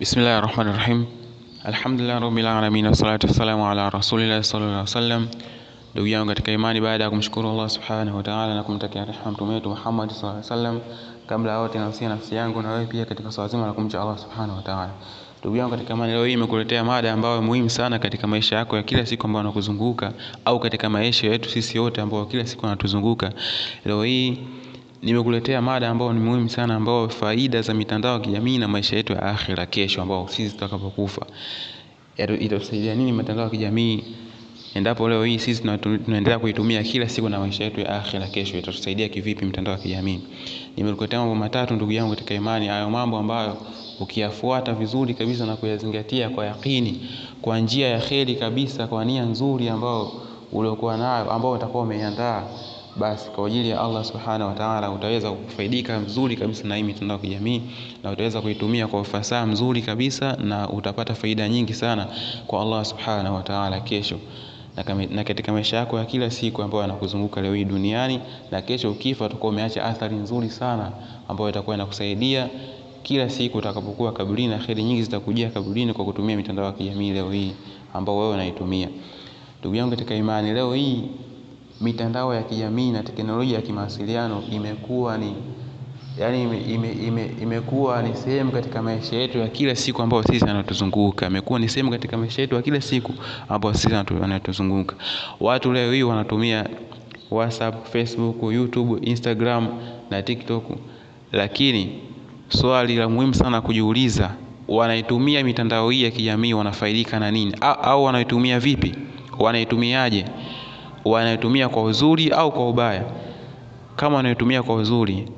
Bismillahir Rahmanir Rahim. Alhamdulillah Rabbil Alamin wassalatu wassalamu ala Rasulillah sallallahu alaihi wasallam. Ndugu yangu katika imani, baada ya kumshukuru Allah Subhanahu wa Ta'ala na kumtakia rehema mtume wetu Muhammad sallallahu alaihi wasallam, kabla yote nausia nafsi yangu na wewe pia katika swala zima la kumcha Allah Subhanahu wa Ta'ala. Ndugu yangu katika imani, leo hii nimekuletea mada ambayo muhimu sana katika maisha yako ya kila siku ambayo yanakuzunguka au katika maisha yetu sisi wote ambao kila siku yanatuzunguka. Leo hii nimekuletea mada ambayo ni muhimu sana, ambayo faida za mitandao ya kijamii na maisha yetu ya akhira kesho, ambao sisi tutakapokufa itatusaidia nini mitandao ya kijamii endapo leo hii sisi tunaendelea kuitumia kila siku na maisha yetu ya akhira kesho itatusaidia kivipi mitandao ya kijamii? Nimekuletea mambo matatu ndugu yangu katika imani, hayo mambo ambayo ukiyafuata vizuri kabisa na kuyazingatia kwa yakini, kwa njia ya kheri kabisa, kwa nia nzuri ambayo uliokuwa nayo, ambayo utakuwa umeiandaa basi kwa ajili ya Allah subhanahu wa taala utaweza kufaidika mzuri kabisa na hii mitandao ya kijamii na utaweza kuitumia kwa ufasaha mzuri kabisa na utapata faida nyingi sana kwa Allah subhanahu wa taala kesho na katika maisha yako ya kila siku ambayo yanakuzunguka leo hii duniani, na kesho ukifa utakuwa umeacha athari nzuri sana ambayo itakuwa inakusaidia kila siku utakapokuwa kaburini, na heri nyingi zitakujia kaburini kwa kutumia mitandao ya kijamii leo hii ambayo wewe unaitumia. Ndugu yangu katika imani, leo hii mitandao ya kijamii na teknolojia ya kimawasiliano imekuwa ni yani imekuwa ni sehemu katika maisha yetu ya kila siku ambayo sisi anatuzunguka imekuwa ni sehemu katika maisha yetu ya kila siku ambayo sisi anatuzunguka watu leo hii wanatumia whatsapp facebook youtube instagram na tiktok lakini swali la muhimu sana kujiuliza wanaitumia mitandao hii ya kijamii wanafaidika na nini au wanaitumia vipi wanaitumiaje wanayotumia kwa uzuri au kwa ubaya. Kama wanayotumia kwa uzuri,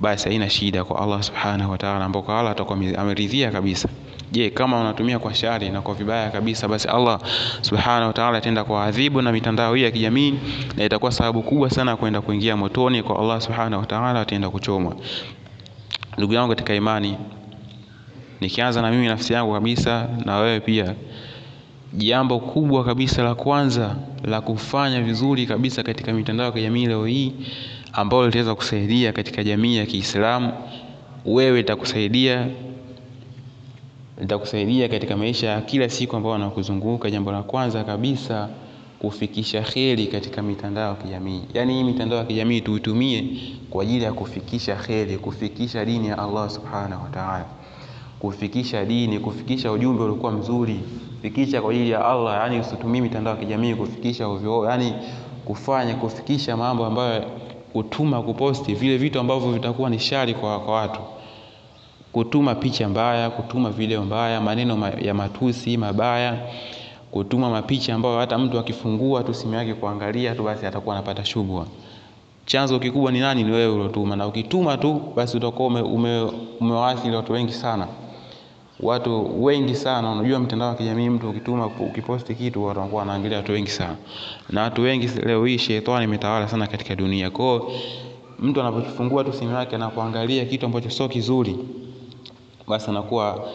basi haina shida kwa Allah subhanahu wa ta'ala, ambako Allah atakuwa ameridhia kabisa. Je, kama wanatumia kwa shari na kwa vibaya kabisa, basi Allah subhanahu wa ta'ala ataenda adhibu na mitandao hii ya kijamii, na itakuwa sababu kubwa sana kwenda kuingia motoni kwa Allah subhanahu wa ta'ala, ataenda kuchomwa. Ndugu yangu katika imani, nikianza na mimi nafsi yangu kabisa, na wewe pia Jambo kubwa kabisa la kwanza la kufanya vizuri kabisa katika mitandao ya kijamii leo hii ambayo litaweza kusaidia katika jamii ya Kiislamu, wewe itakusaidia itakusaidia katika maisha ya kila siku ambayo wanakuzunguka. Jambo la kwanza kabisa kufikisha kheri katika mitandao ya kijamii yaani, hii mitandao ya kijamii tuitumie kwa ajili ya kufikisha kheri, kufikisha dini ya Allah subhanahu wa ta'ala kufikisha dini, kufikisha ujumbe uliokuwa mzuri, fikisha kwa ajili ya Allah, yani usitumie mitandao ya kijamii kufikisha ovyo, yani kufanya kufikisha mambo ambayo kutuma, kuposti vile vitu ambavyo vitakuwa ni shari kwa, kwa watu, kutuma picha mbaya, kutuma video mbaya, maneno ma, ya matusi mabaya, kutuma mapicha ambayo hata mtu akifungua tu simu yake kuangalia tu basi atakuwa anapata shubwa. Chanzo kikubwa ni nani? Ni wewe uliotuma, na ukituma tu basi utakuwa ume, umewaathiri watu wengi sana watu wengi sana. Unajua mtandao wa kijamii, mtu ukituma, ukiposti kitu, watu wanakuwa wanaangalia watu wengi sana, na watu wengi leo hii shetani imetawala sana katika dunia. kwao mtu anapofungua tu simu yake na kuangalia kitu ambacho sio kizuri, basi anakuwa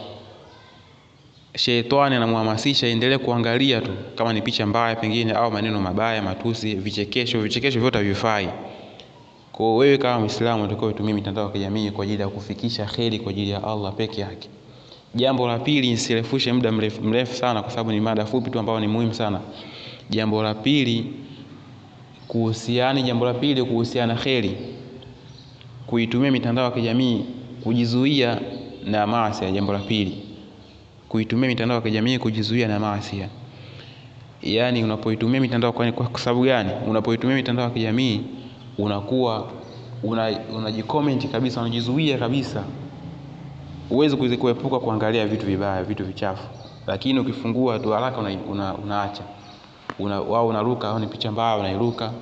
shetani anamhamasisha endelee kuangalia tu, kama ni picha mbaya pengine au maneno mabaya, matusi, vichekesho. Vichekesho vyote havifai. kwao wewe kama Muislamu utakiwa utumie mitandao ya kijamii kwa ajili ya kufikisha kheri kwa ajili ya Allah peke yake. Jambo la pili, nisirefushe muda mrefu mrefu sana, kwa sababu ni mada fupi tu ambayo ni muhimu sana. Jambo la pili kuhusiana, jambo la pili kuhusiana kheri, kuitumia mitandao ya kijamii kujizuia na maasi. Jambo la pili kuitumia mitandao ya kijamii kujizuia na maasi, yaani unapoitumia mitandao. Kwa sababu gani? Unapoitumia mitandao ya kijamii unakuwa unajikomenti una kabisa, unajizuia kabisa huwezi kuepuka kuangalia vitu vibaya, vitu vichafu, lakini ukifungua tu haraka unaacha una, una unaruka au ni picha mbaya unairuka,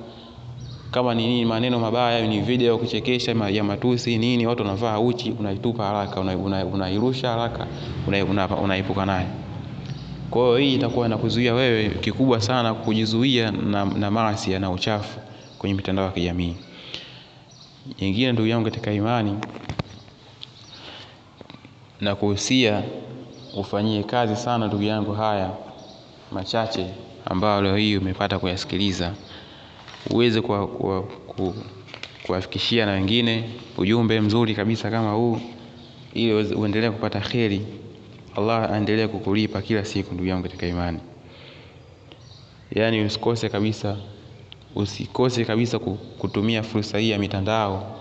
kama ni nini maneno mabaya, ni video ya kuchekesha ya matusi nini, watu wanavaa uchi, unaitupa haraka, unairusha una, una haraka, unaepuka una, una naye. Kwa hiyo hii itakuwa inakuzuia wewe kikubwa sana kujizuia na, na maasi na uchafu kwenye mitandao ya kijamii. Nyingine ndugu yangu katika imani na kuhusia ufanyie kazi sana ndugu yangu haya machache ambayo leo hii umepata kuyasikiliza uweze kuwafikishia na wengine ujumbe mzuri kabisa kama huu ili uendelee kupata kheri allah aendelee kukulipa kila siku ndugu yangu katika imani yaani usikose kabisa usikose kabisa kutumia fursa hii ya mitandao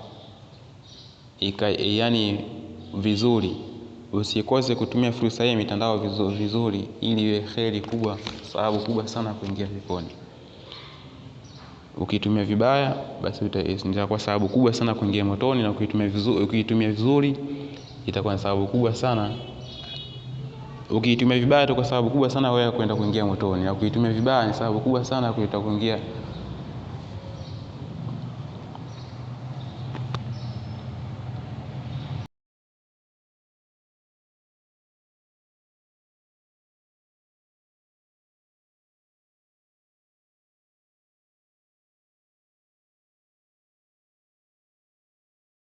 Ika, yani vizuri usikose kutumia fursa hii ya mitandao vizuri, vizuri ili iwe heri kubwa, sababu kubwa sana kuingia peponi. Ukiitumia vibaya, basi itakuwa sababu kubwa sana kuingia motoni, na ukiitumia vizuri, ukitumia vizuri itakuwa sababu kubwa sana ukiitumia vibaya tu kwa sababu kubwa sana wewe kwenda kuingia motoni, na ukiitumia vibaya ni sababu kubwa sana kuita kuingia